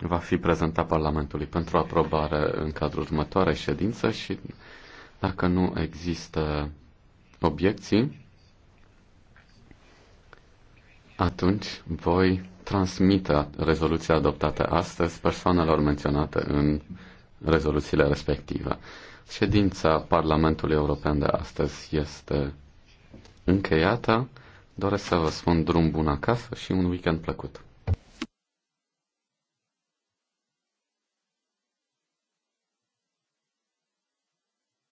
va fi prezentat Parlamentului pentru aprobare în cadrul următoarei ședințe și dacă nu există obiecții, atunci voi transmite rezoluția adoptată astăzi persoanelor menționate în rezoluțiile respective. Ședința Parlamentului European de astăzi este încheiată. Doresc să vă spun drum bun acasă și un weekend plăcut.